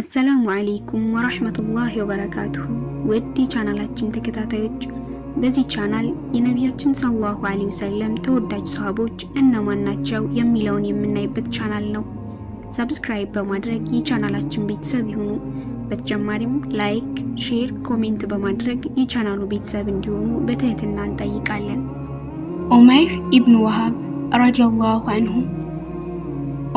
አሰላሙ አሌይኩም ወራህመቱላሂ ወበረካቱሁ ውድ የቻናላችን ተከታታዮች በዚህ ቻናል የነቢያችን ሰለላሁ ዐለይሂ ወሰለም ተወዳጅ ሰሃቦች እነማን ናቸው የሚለውን የምናይበት ቻናል ነው። ሰብስክራይብ በማድረግ የቻናላችን ቤተሰብ ይሁኑ። በተጨማሪም ላይክ፣ ሼር፣ ኮሜንት በማድረግ የቻናሉ ቤተሰብ እንዲሆኑ በትህትና እንጠይቃለን። ዑመይር ኢብኑ ወሃብ ረዲየላሁ አንሁ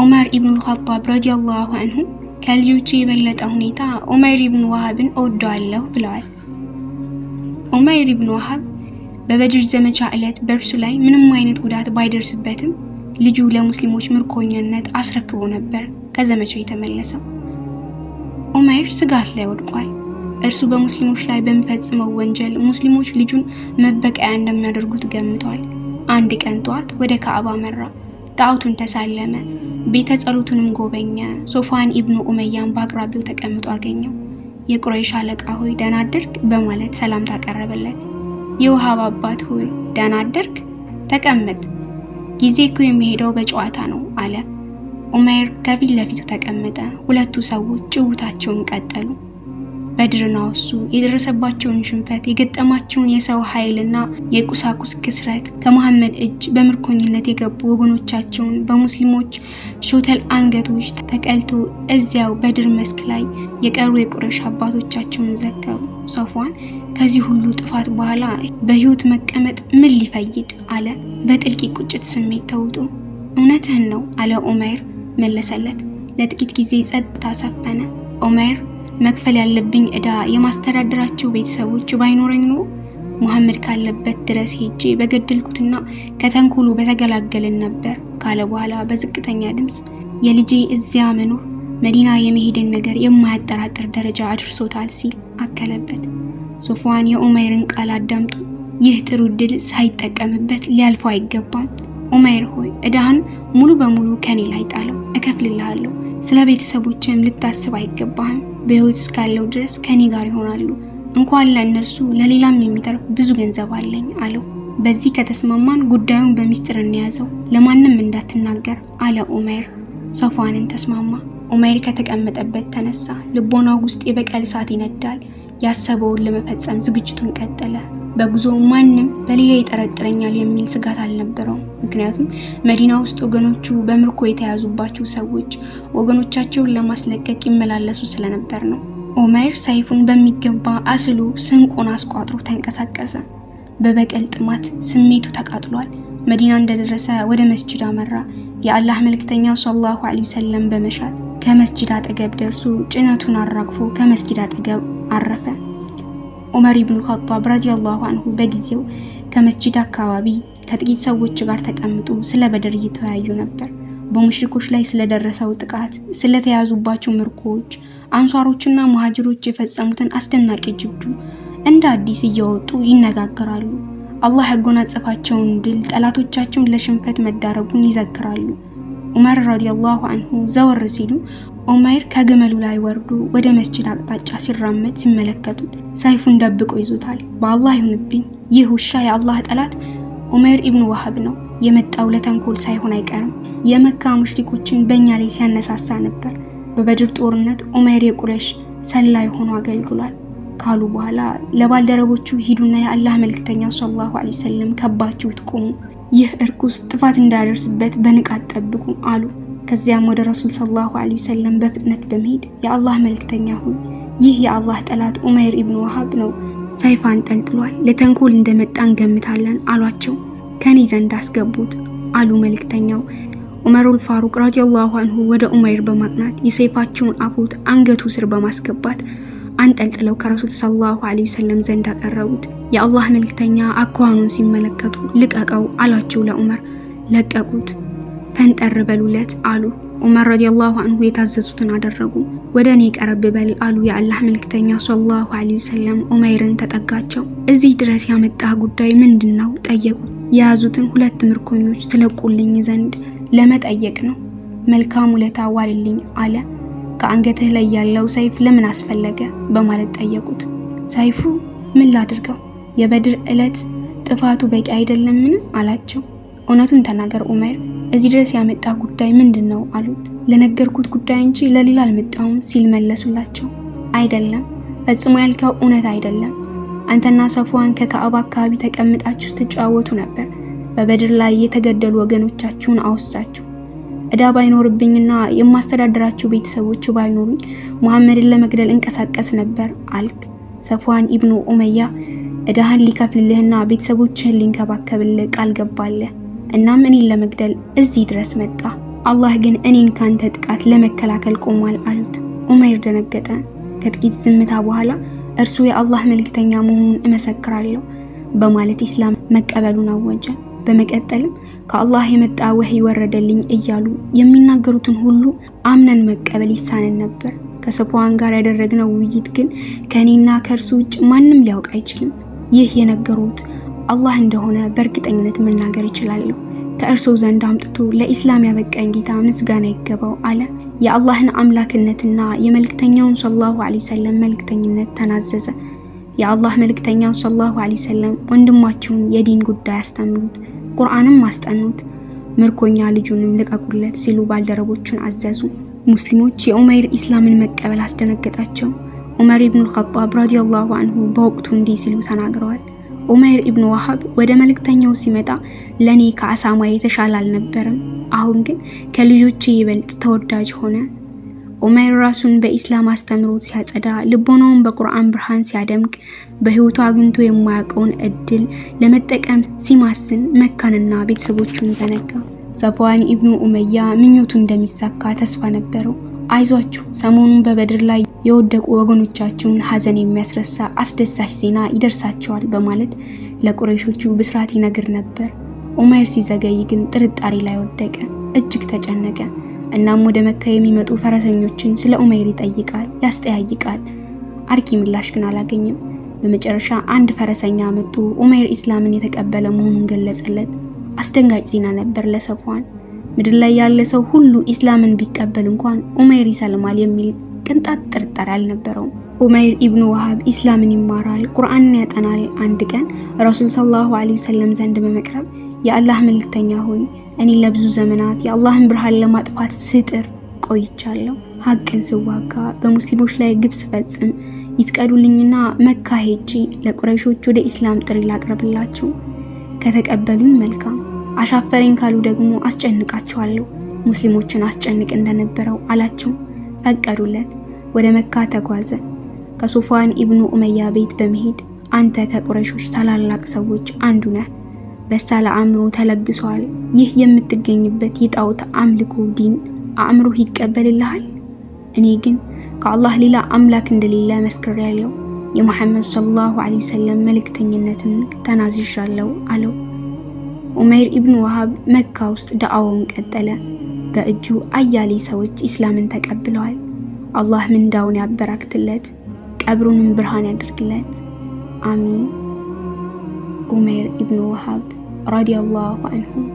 ዑመር ኢብኑል ኸጣብ ረዲየላሁ አንሁ ከልጆቼ የበለጠ ሁኔታ ኡመይር ኢብኑ ዋሃብን እወደዋለሁ ብለዋል። ኡመይር ኢብኑ ዋሃብ በበድር ዘመቻ ዕለት በእርሱ ላይ ምንም አይነት ጉዳት ባይደርስበትም ልጁ ለሙስሊሞች ምርኮኛነት አስረክቦ ነበር ከዘመቻው የተመለሰው። ኡመይር ስጋት ላይ ወድቋል። እርሱ በሙስሊሞች ላይ በሚፈጽመው ወንጀል ሙስሊሞች ልጁን መበቀያ እንደሚያደርጉት ገምቷል። አንድ ቀን ጠዋት ወደ ካዕባ መራ። ጣዖቱን ተሳለመ፣ ቤተ ጸሎቱንም ጎበኘ። ሶፋን ኢብኑ ኡመያን በአቅራቢው ተቀምጦ አገኘው። የቁረይሽ አለቃ ሆይ ደህና አደርክ በማለት ሰላምታ ቀረበለት። የውሃብ አባት ሆይ ደህና አደርክ፣ ተቀመጥ፣ ጊዜ እኮ የሚሄደው በጨዋታ ነው አለ። ኡሜር ከፊት ለፊቱ ተቀመጠ። ሁለቱ ሰዎች ጭውታቸውን ቀጠሉ። በድርና የደረሰባቸውን ሽንፈት የገጠማቸውን የሰው ኃይልና የቁሳቁስ ክስረት ከመሐመድ እጅ በምርኮኝነት የገቡ ወገኖቻቸውን በሙስሊሞች ሾተል አንገቶች ተቀልቶ እዚያው በድር መስክ ላይ የቀሩ የቁረሽ አባቶቻቸውን ዘከሩ። ሶፏን ከዚህ ሁሉ ጥፋት በኋላ በህይወት መቀመጥ ምን ሊፈይድ አለ፣ በጥልቅ ቁጭት ስሜት ተውጦ። እውነትህን ነው አለ ኦሜር መለሰለት። ለጥቂት ጊዜ ጸጥታ ሰፈነ። ኦሜር መክፈል ያለብኝ እዳ የማስተዳደራቸው ቤተሰቦች ባይኖረኝ ኑሮ መሐመድ ካለበት ድረስ ሄጄ በገደልኩትና ከተንኮሉ በተገላገልን ነበር ካለ በኋላ በዝቅተኛ ድምፅ የልጄ እዚያ መኖር መዲና የመሄድን ነገር የማያጠራጥር ደረጃ አድርሶታል ሲል አከለበት። ሶፍዋን የኡመይርን ቃል አዳምጦ ይህ ጥሩ እድል ሳይጠቀምበት ሊያልፈው አይገባም። ኡመይር ሆይ እዳህን ሙሉ በሙሉ ከኔ ላይ ጣለው፣ እከፍልልሃለሁ። ስለ ቤተሰቦችም ልታስብ አይገባህም። በህይወት እስካለው ድረስ ከኔ ጋር ይሆናሉ። እንኳን ለእነርሱ ለሌላም የሚተርፍ ብዙ ገንዘብ አለኝ አለው። በዚህ ከተስማማን ጉዳዩን በሚስጥር እንያዘው፣ ለማንም እንዳትናገር አለ ኡሜር። ሶፋንን ተስማማ። ኡሜር ከተቀመጠበት ተነሳ። ልቦናው ውስጥ የበቀል እሳት ይነዳል። ያሰበውን ለመፈጸም ዝግጅቱን ቀጠለ። በጉዞ ማንም በሌላ ይጠረጥረኛል የሚል ስጋት አልነበረውም። ምክንያቱም መዲና ውስጥ ወገኖቹ በምርኮ የተያዙባቸው ሰዎች ወገኖቻቸውን ለማስለቀቅ ይመላለሱ ስለነበር ነው። ኦሜር ሰይፉን በሚገባ አስሎ ስንቁን አስቋጥሮ ተንቀሳቀሰ። በበቀል ጥማት ስሜቱ ተቃጥሏል። መዲና እንደደረሰ ወደ መስጅድ አመራ። የአላህ መልክተኛ ሰለላሁ ዐለይሂ ወሰለም በመሻት ከመስጅድ አጠገብ ደርሶ ጭነቱን አራግፎ ከመስጅድ አጠገብ አረፈ። ዑመር ኢብኑ ኸጧብ ረዲየላሁ አንሁ በጊዜው ከመስጂድ አካባቢ ከጥቂት ሰዎች ጋር ተቀምጦ ስለ በድር እየተወያዩ ነበር። በሙሽሪኮች ላይ ስለደረሰው ጥቃት፣ ስለተያዙባቸው ምርኮዎች፣ አንሷሮችና መሀጅሮች የፈጸሙትን አስደናቂ ጅብዱ እንደ አዲስ እየወጡ ይነጋገራሉ። አላህ ያጎናጸፋቸውን ድል፣ ጠላቶቻቸውን ለሽንፈት መዳረጉን ይዘክራሉ። ዑመር ረዲየላሁ አንሁ ዘወር ሲሉ ኦማይር ከግመሉ ላይ ወርዶ ወደ መስጅድ አቅጣጫ ሲራመድ ሲመለከቱት ሰይፉን ደብቆ ይዞታል። በአላህ ይሁንብኝ፣ ይህ ውሻ የአላህ ጠላት ኡመይር ኢብኑ ዋሃብ ነው። የመጣው ለተንኮል ሳይሆን አይቀርም። የመካ ሙሽሪኮችን በእኛ ላይ ሲያነሳሳ ነበር። በበድር ጦርነት ኡመይር የቁረሽ ሰላይ ሆኖ አገልግሏል ካሉ በኋላ ለባልደረቦቹ ሂዱና የአላህ መልክተኛ ሰለላሁ ዐለይሂ ወሰለም ከባችሁት ቁሙ፣ ይህ እርኩስ ጥፋት እንዳያደርስበት በንቃት ጠብቁ አሉ። ከዚያም ወደ ረሱል ሰለላሁ ዐለይሂ ወሰለም በፍጥነት በመሄድ የአላህ መልክተኛ ሆይ ይህ የአላህ ጠላት ኡመይር ኢብኑ ወሃብ ነው፣ ሰይፍ አንጠልጥሏል፣ ለተንኮል እንደመጣ እንገምታለን አሏቸው። ከኔ ዘንድ አስገቡት አሉ መልክተኛው ዑመሩል ፋሩቅ ረዲየላሁ አንሁ ወደ ኡመይር በማቅናት የሰይፋቸውን አፉት አንገቱ ስር በማስገባት አንጠልጥለው ከረሱል ሰለላሁ ዐለይሂ ወሰለም ዘንድ አቀረቡት። የአላህ መልክተኛ አኳኑን ሲመለከቱ ልቀቀው አሏቸው ለዑመር። ለቀቁት። ፈንጠር በሉለት አሉ። ዑመር ረዲየላሁ አንሁ የታዘዙትን አደረጉ። ወደ እኔ ቀረብ በል አሉ የአላህ መልክተኛ ሰለላሁ ዐለይሂ ወሰለም። ዑመይርን ተጠጋቸው። እዚህ ድረስ ያመጣህ ጉዳይ ምንድን ነው? ጠየቁት። የያዙትን ሁለት ምርኮኞች ትለቁልኝ ዘንድ ለመጠየቅ ነው። መልካም ውለታ ዋልልኝ አለ። ከአንገትህ ላይ ያለው ሰይፍ ለምን አስፈለገ? በማለት ጠየቁት። ሰይፉ ምን ላድርገው? የበድር ዕለት ጥፋቱ በቂ አይደለምን? አላቸው። እውነቱን ተናገር ዑመይር እዚህ ድረስ ያመጣ ጉዳይ ምንድን ነው አሉት። ለነገርኩት ጉዳይ እንጂ ለሌላ አልመጣውም ሲል መለሱላቸው። አይደለም ፈጽሞ ያልከው እውነት አይደለም። አንተና ሰፏን ከካዕባ አካባቢ ተቀምጣችሁ ስትጨዋወቱ ነበር። በበድር ላይ የተገደሉ ወገኖቻችሁን አወሳችሁ። እዳ ባይኖርብኝና የማስተዳደራቸው ቤተሰቦች ባይኖሩኝ መሐመድን ለመግደል እንቀሳቀስ ነበር አልክ። ሰፏን ኢብኑ ኡመያ እዳህን ሊከፍልልህና ቤተሰቦችህን ሊንከባከብልህ ቃል ገባለህ። እናም እኔን ለመግደል እዚህ ድረስ መጣ። አላህ ግን እኔን ካንተ ጥቃት ለመከላከል ቆሟል አሉት። ኡመይር ደነገጠ። ከጥቂት ዝምታ በኋላ እርሱ የአላህ መልእክተኛ መሆኑን እመሰክራለሁ በማለት ኢስላም መቀበሉን አወጀ። በመቀጠልም ከአላህ የመጣ ወህይ ወረደልኝ እያሉ የሚናገሩትን ሁሉ አምነን መቀበል ይሳነን ነበር። ከሰፖዋን ጋር ያደረግነው ውይይት ግን ከእኔና ከእርሱ ውጭ ማንም ሊያውቅ አይችልም። ይህ የነገሩት አላህ እንደሆነ በእርግጠኝነት መናገር ይችላለሁ ከእርሶ ዘንድ አምጥቶ ለኢስላም ያበቃኝ ጌታ ምስጋና ይገባው አለ። የአላህን አምላክነትና የመልእክተኛውን ሰለላሁ ዐለይሂ ወሰለም መልእክተኝነት ተናዘዘ። የአላህ መልክተኛ ሰለላሁ ዐለይሂ ወሰለም ወንድማችሁን የዲን ጉዳይ አስተምሩት፣ ቁርአንም አስጠኑት፣ ምርኮኛ ልጁንም ልቀቁለት ሲሉ ባልደረቦቹን አዘዙ። ሙስሊሞች የኡመይር ኢስላምን መቀበል አስደነገጣቸው። ዑመር ኢብኑል ኸጣብ ረዲየላሁ አንሁ በወቅቱ እንዲህ ሲሉ ተናግረዋል። ዑመይር ኢብኑ ዋሃብ ወደ መልእክተኛው ሲመጣ ለእኔ ከአሳማ የተሻለ አልነበረም፣ አሁን ግን ከልጆቼ ይበልጥ ተወዳጅ ሆነ። ዑመይር ራሱን በኢስላም አስተምሮት ሲያጸዳ፣ ልቦናውን በቁርአን ብርሃን ሲያደምቅ፣ በህይወቱ አግኝቶ የማያውቀውን እድል ለመጠቀም ሲማስን መካንና ቤተሰቦቹን ዘነጋ። ሰፋዋን ኢብኑ ኡመያ ምኞቱ እንደሚሳካ ተስፋ ነበረው። አይዟችሁ ሰሞኑን በበድር ላይ የወደቁ ወገኖቻችሁን ሀዘን የሚያስረሳ አስደሳች ዜና ይደርሳቸዋል በማለት ለቁረይሾቹ ብስራት ይነግር ነበር። ኡመይር ሲዘገይ ግን ጥርጣሬ ላይ ወደቀ፣ እጅግ ተጨነቀ። እናም ወደ መካ የሚመጡ ፈረሰኞችን ስለ ኡመይር ይጠይቃል፣ ያስጠያይቃል። አርኪ ምላሽ ግን አላገኘም። በመጨረሻ አንድ ፈረሰኛ መጡ። ኡመይር ኢስላምን የተቀበለ መሆኑን ገለጸለት። አስደንጋጭ ዜና ነበር ለሰፍዋን። ምድር ላይ ያለ ሰው ሁሉ ኢስላምን ቢቀበል እንኳን ኡመይር ይሰልማል የሚል ቅንጣት ጥርጣሬ አልነበረውም። ኡመይር ኢብኑ ዋሃብ ኢስላምን ይማራል፣ ቁርአንን ያጠናል። አንድ ቀን ረሱል ሰለላሁ ዐለይሂ ወሰለም ዘንድ በመቅረብ የአላህ መልእክተኛ ሆይ እኔ ለብዙ ዘመናት የአላህን ብርሃን ለማጥፋት ስጥር ቆይቻለሁ። ሀቅን ስዋጋ በሙስሊሞች ላይ ግብ ስፈጽም ይፍቀዱልኝና መካ ሄጄ ለቁረይሾች ወደ ኢስላም ጥሪ ላቅርብላቸው ከተቀበሉኝ መልካም አሻፈረኝ ካሉ ደግሞ አስጨንቃቸዋለሁ፣ ሙስሊሞችን አስጨንቅ እንደነበረው አላቸው። ፈቀዱለት። ወደ መካ ተጓዘ። ከሶፋን ኢብኑ ኡመያ ቤት በመሄድ አንተ ከቁረሾች ታላላቅ ሰዎች አንዱ ነህ፣ በሳል አእምሮ ተለግሰዋል። ይህ የምትገኝበት የጣዖት አምልኮ ዲን አእምሮ ይቀበልልሃል። እኔ ግን ከአላህ ሌላ አምላክ እንደሌለ መስክሬያለሁ፣ የሙሐመድ ሰለላሁ ዐለይሂ ወሰለም መልእክተኝነትን ተናዝዣለሁ አለው። ዑመይር ኢብኑ ዋሃብ መካ ውስጥ ዳዕዋውን ቀጠለ። በእጁ አያሌ ሰዎች ኢስላምን ተቀብለዋል። አላህ ምንዳውን ያበራክትለት፣ ቀብሩንም ብርሃን ያደርግለት። አሚን። ዑመይር ኢብኑ ዋሃብ ረዲየላሁ አንሁ